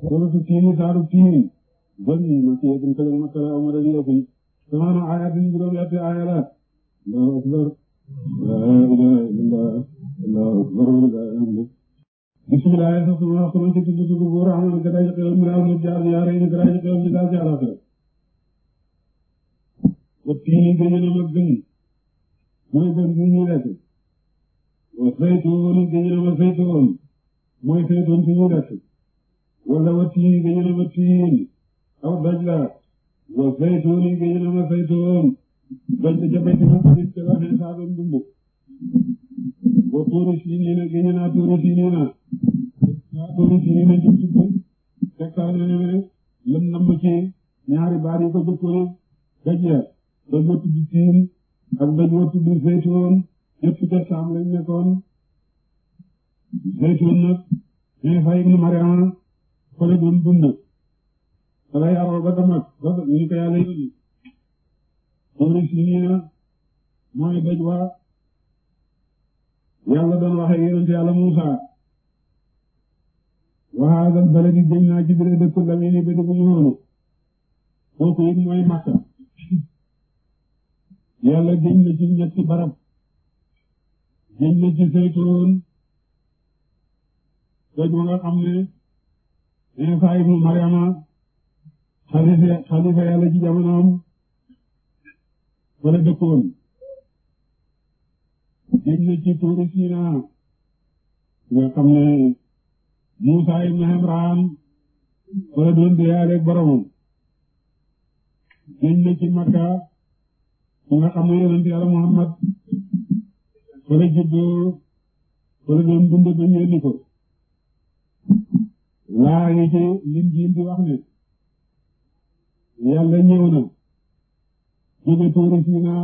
suratu tiini saaru tiini bani masiyadin kalim masala umar lefi samaana ayatin juróom yetti aaya la allahu akbar laa ilaaha illallah allahu akbar walaa hamdu bismillahi sasuma waxtuma ci tudd tudd buur amoon gadaaji xelam mi awlu jaar yaare ni gadaaji xelam mi daal jaar afe wa tiini gëñu na mag gën mooy gën gi ñuy lekk wa saytuun gëñu na ma saytuun mooy saytuun si ñuy lekk wala wattiin nga jëlee wattiin aw daj la wa zaytuun nga jëlee ma zaytuun daj la ca béy tamit dañ ca waxee saa doon dund wa tuuri siiniina génne naa tuuri siiniina naa tuuri siiniina jëm ci biir tegtal na ne lam namm ci ñaari baat yi ko jëkkoon daj la daj wa tudd siin ak daj wa tudd zaytuun yëpp ca saam lañ nekkoon zaytuun nag ñu fay ibnu Mariama fële doon dund fële yaroo ba Damas ba ñu ko yàlla yónni soxna si nee na mooy daj yàlla doon waxee yonent yàlla Muusaa waxaadal fële di gëñ naa ci biir dëkk la mel ni ba dëgg ñëwoonu kooku mooy Makka yàlla gëñ na ci ñetti barab gëñ na ci saytoon daj wa nga xam ne Isa ibnu Maryama xalifa xalifa yàlla ci jamonoom wala dëkkoon gëj na ci tuuru Siina nga xam ne Muusa ibnu Imraan wala doon deyaaleeg boromam gëj na ci Makka mu nga xam ne yonent yàlla Muhammad wala juddoo wala doon dund ba ñu yónni ko maa ngi ci lim jiin di wax ne yàlla ñëw na jóge tuuru siina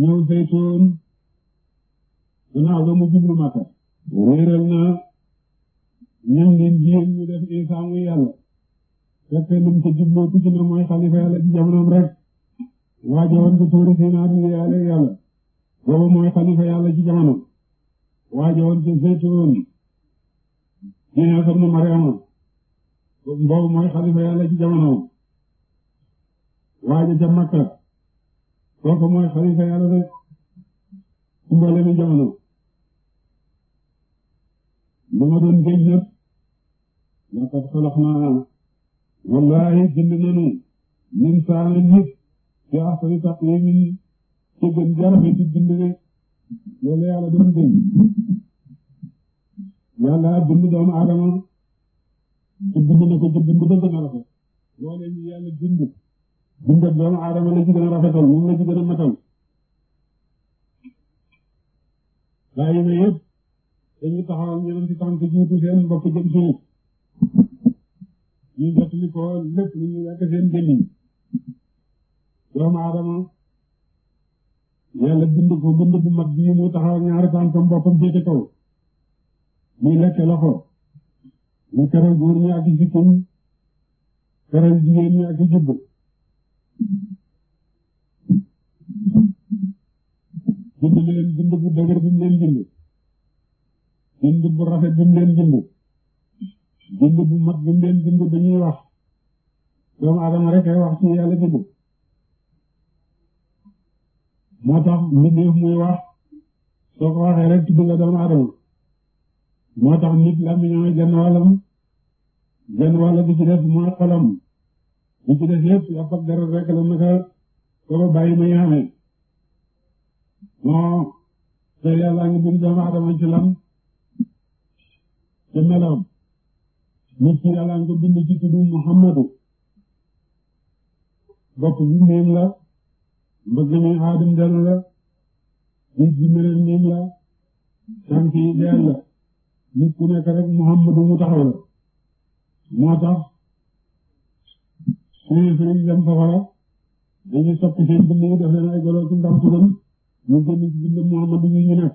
ñëw zaytuun gannaaw ga mu jublu Makka réeral na ñun lim jiin ñu def Isa muy yàlla fekke lum ci jubloo tucc na mooy xalifa yàlla ci jamonoom rek waaje woon ko tuuru siina di yàlla yàlla boobu mooy xalifa yàlla ci jamonoom waaje woon ko zaytuun ñu ne Isa ibnu boobu mooy xalifa yàlla ci jamonoom waaja ca Makka mooy xalifa yàlla rek mboole mi jamono lu ma doon géej yëpp laqad xalaqnaa wallahi bind nañu nin saana nit ci ahsani taqwiim ci gën jarafeti bind rek loolu yàlla doon géej yàlla bind doomu aadama ci bind na ko ci bind ba doomu aadama la ci gën a rafetal la ci gën matal gaa yi ne yëpp dañu taxaw ñeneen ci tànk jiitu seen mbokk jëm suuf ñu jot li ko seen jënd yi doomu aadama yàlla bind ko bind bu mag bii mu taxaw ñaari tànkam boppam féete muy lekk loxo mu teral góor ñi ak jikkoom teral jigéen ñi ak jubb bind leen bind bu dëgër bi mu leen bind bind bu rafet bi mu leen bind bind bu mat bi mu leen bind dañuy wax doomu adama rek ay wax ci yàlla bind moo tax mbindeef muy wax soo ko waxee rek tudd nga doomu adama moo tax nit làmmiñam genn wàllam genn wàll bi ci def mooy xolam bi ci def yëpp yàpp ak dara rek la naka ko bàyyi ma yaame moo te yàlla ngi bind doomu adama ci lam ci meloom nit ki yàlla ngi ko bind ci tuddu Muhammadu bopp bi niim la mbëgg mi Aadam dana la nit bi meloon niim la tànk yi nit ku nekk rek Muhammadu mu taxaw la moo tax suñu sëriñ dem safara dañuy soppi seen bind yi def leen ay golo ci ndam turam ñu génn ci bind Muhammadu yi ñu nekk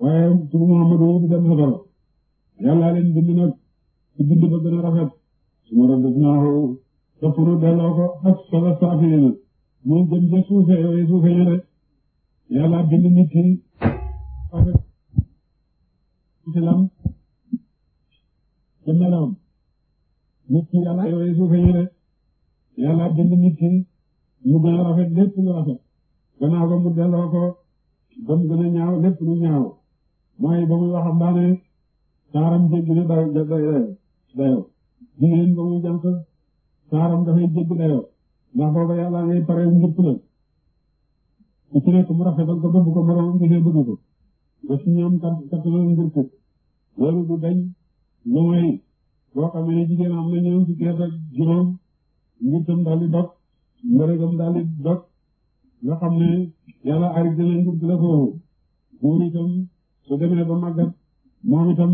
waaye turu Muhammadu yi du dem safara yàllaa leen bind nag ci bind ba gën a rafet su ma rafet naa ko na delloo ko ak sala saafiri na muy gën ca suufee yooyu suufee ñu rek yàllaa bind nit ki rafet islam ci meloom nit ki yàlla yooyu gën a rafet lépp lu rafet gannaaw ba mu delloo ko ba gën a ñaaw lépp lu ñaaw mooy ba muy waxam daane saaram jéggi na dayo dayo dayo ba muy saaram dafay jéggi dayo ndax booba yàlla ngay pare njëpp la ku ci nekk mu rafetal ko bëgg ko moromam gisee bëgg ko ba si ñoom kat kat loolu njëpp loolu du dañ lu may boo xam ne jigéen am na ñeent fukki at ak juróom njurtam daal di dog mbërëgam nga xam ne yàlla ari dina njur di la foofu buur itam su demee ba màggat moom itam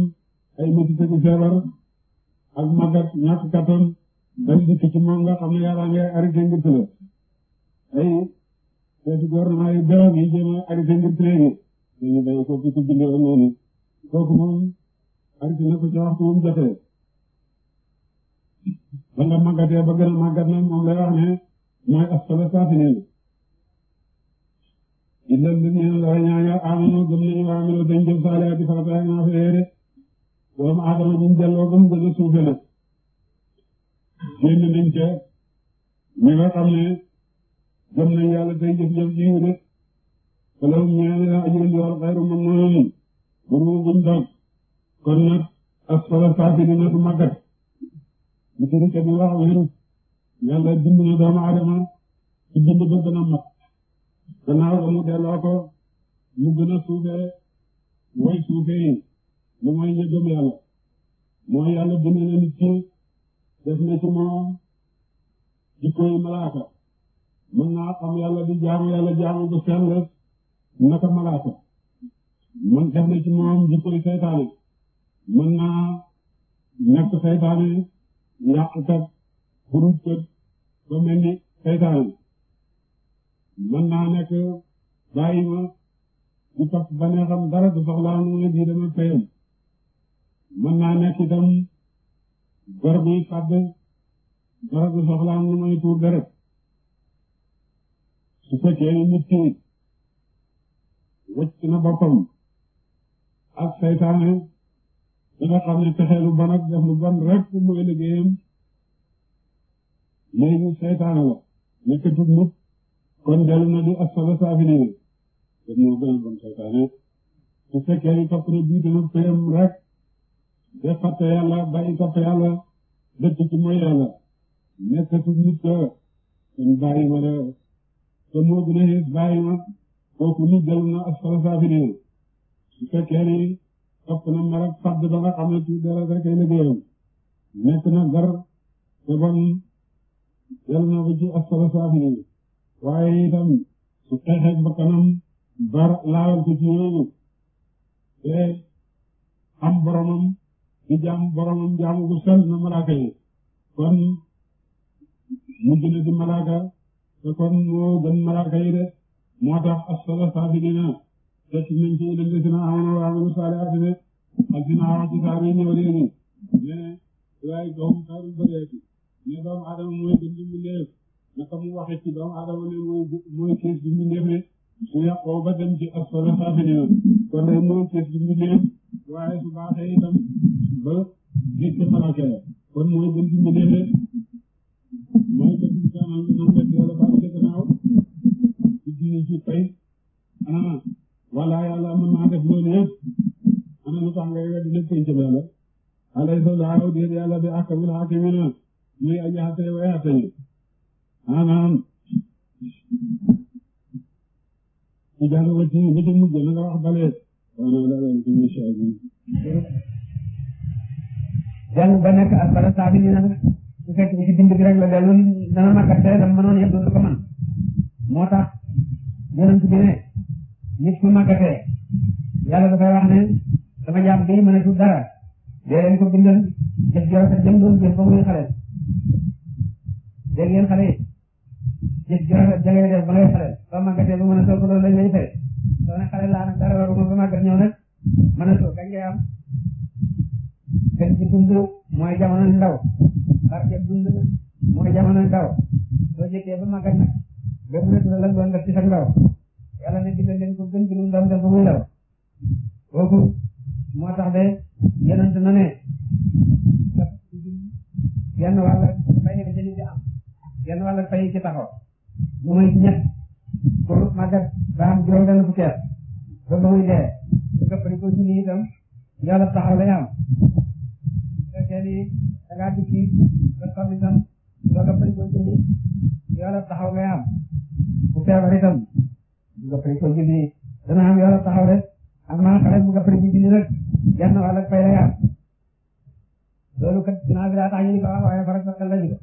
ay métit ak feebar ak màggat ñàkk kattan dañ dikk ci moom nga xam ne yàlla ngay arrêté ngir tële ay seeti gouvernement yu beroog yi jéem a arrêté ngir tële gi dañu day ko ci ko bindee noonu kooku moom andi ko ca waxtu moom jotee ba a na moom lay wax ne mooy asfala saafiliin illal ladina la ñaaña amanu gëm nañu wa amilu dañ jëf saalihaati farata ak naafila yére doomu aadama ñu delloo ba mu gën a suufe nag génn nañ ca ñi nga xam ne gëm nañ yàlla tey jëf jëf jiw de te loolu ñaari la ajrun yor xayru mamnuun buñ dog kon nag asfala saafiliina du màggat autorité bi wax wéru yàlla bind na doomu aadama ci bind ba gën a mat gannaaw ba mu delloo ko mu gën a way suufee yi lu mooy ñu gëm yàlla mooy yàlla bind na nit def na ci moom jikko yi malaaka mën naa xam yàlla di jaamu yàlla jaamu bu sell naka malaaka def na ci moom jikko mën naa nekk saytaane yàq kat buruj kët ba mel ni mën naa nekk bàyyi ma di topp ba ne xam dara du soxlaa mu ne bii dama payam mën naa nekk itam gor bi fàdd dara du soxlaa mu may tuur deret su fekkee ni nit ki wëcc na boppam ak saytaane da nga xam ne pexe lu bon ak def lu bon rek mooy liggéeyam léegi seytaane la nekkatul nit kon dellu na di asfala saafiliin te moo gën a bon seytaane su fekkee ni topp na bii dana fayam rek de fàtte yàlla bàyyi topp yàlla dëkk ci mooy yàlla nekkatul nit ko kon bàyyi ma de te moo gën a yées bàyyi kooku ni dellu na asfala saafiliin su fekkee ni sopp na merak fàdd ba nga xam ne ci dara rek ay liggéeyam na gar te bon na ko ci asfala saafiliin waaye itam su xeexeeg bakkanam bar laawal ko ci yooyu te am boromam di jaamu boromam jaamu gu na malaaka kon mujj na di kon moo gën malaaka yi de moo tax asfala saafiliin te ci ñun ci dem dina amoon waa amul saa leen affaire ak dina awa ci saa leen ñëw leen nii mais waaye doomu saa leen bëree ci ne doomu aadama mooy gën di mbindeef naka mu waxee ci doomu aadama ne mooy mooy kees bi mbindeef ne su yàqoo ba dem ci aspala saa fi ñëw kon nag mooy kees bi mbindeef waaye su baaxee itam ba gis ci malaka la kon mooy gën di mbindeef mooy gën di mbindeef mooy gën di mbindeef wala baax ci gannaaw ci diine ci tey ah. walla yàlla mën naa def loolu yëpp ana lu tax ngay weddi nag penc bi yàlla alaysa laahu déet yàlla bi ahkamil haakimiin muy aji àtte way àtte ñi maanaam ci jaanu ba ci ba ci mujj na nga wax bale wana dalal ci incha allah jàng ba nekk ak bala la dellu dana makka te dama mënoon yëpp nit su màggatee yàlla dafay wax ne sama jaam bi mënatul dara dee leen ko bindal jëf joo rafet jëm doon jëf ba muy xale dégg ngeen xale yi jëf joo rafet ja ngay def ba ngay xale soo màggatee ba mën a sol ko loolu lañ lay fay soo ne xale laa nag dara waruma ba màggat ñëw nag mën a sol kañ ngay am gën ci dund mooy jamono ndaw barke dund mooy jamono ndaw soo jëkkee ba màggat nag ba mënatul lan doon def ci sa ndaw yàlla na digal leen ko gën ci lu mu doon def ba muy ndaw kooku moo tax de yonent na ne genn wàll fay nga jëli ci am genn wàll fay ci taxaw lu muy ñett pour màggat ba am juróom benn fukki at ba ba muy dee nga bëri ko ci nii itam yàlla taxaw lay am fekkee ni da ngaa dikki ba xam itam nga bëri ko ci nii yàlla taxaw ngay am bu feebar itam koy sol bi nii dana am yoon taxaw rek am naa xale bu gafari bi julli rek genn wàll ak fay la yàq loolu kat dinaa bi daa tax ñu ni ko wax waaye farak fakkal lañu ko